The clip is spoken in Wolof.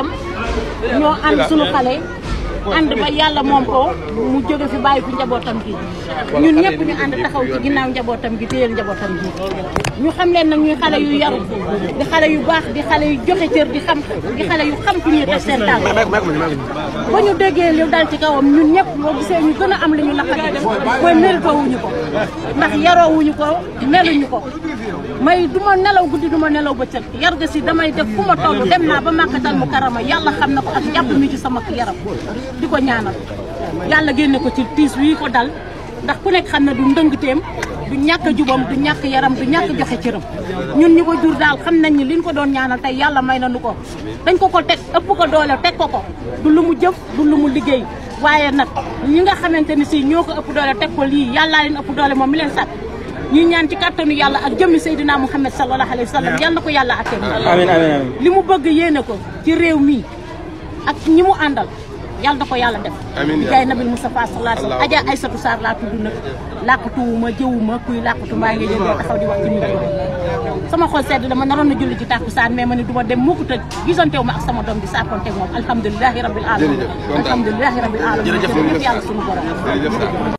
itam ñoo ànd suñu xale ànd ba yàlla moom ko mu jóge fi bàyyi fi njabootam gi ñun ñëpp ñu ànd taxaw ci ginnaaw njabootam gi téyel njabootam gi ñu xam leen nag ñuy xale yu yaru di xale yu baax di xale yu joxe cër di xam di xale yu xam fi ñuy teg seen tànk ba ñu déggee ñu dal ci kawam ñun ñëpp boo gisee ñu gën a am li ñu naqari mooy méritowuñu ko ndax yaroowuñu ko meluñu ko may du ma nelaw guddi du ma nelaw bëccëg yar ga si damay def fu ma toll dem naa ba màkkatal mu karama yàlla xam na ko ak jàpp mi ci sama yaram di ko ñaanal yàlla génne ko ci tiis wii ko dal ndax ku nekk xam na du ndëngteem du ñàkk a jubam du ñàkk yaram du ñàkk joxe cëram ñun ñi ko jur daal xam nañ ni liñ ko doon ñaanal tey yàlla may na nu ko dañ ko ko teg ëpp ko doole teg ko ko du lu mu jëf du lu mu liggéey waaye nag ñi nga xamante ni sii ñoo ko ëpp doole teg ko lii yàllaa leen ëpp doole moom mi leen sat ñu ñaan ci kàttanu yàlla ak jëmmi Seydina Muhammad sallallahu alayhi wa sallam yal na ko yàlla atte amiin amiin li mu bëgg yéene ko ci réew mi ak ñi mu àndal yàlla na ko yàlla def di jaay nabil Moustapha sallallahu alayhi wa sallam laa tudd nag làqatuwuma jëwuma kuy làqatu maa ngi jël doo taxaw di wax ci micro sama xol sedd dama naroon na julli ci tàkkusaan mais ma ne du ma dem mukk te gisantewu ma ak sama doom di saakonteeg moom alhamdulilahi rabbil alamin alhamdulilahi rabbil alamin jërëjëf yàlla sunu borom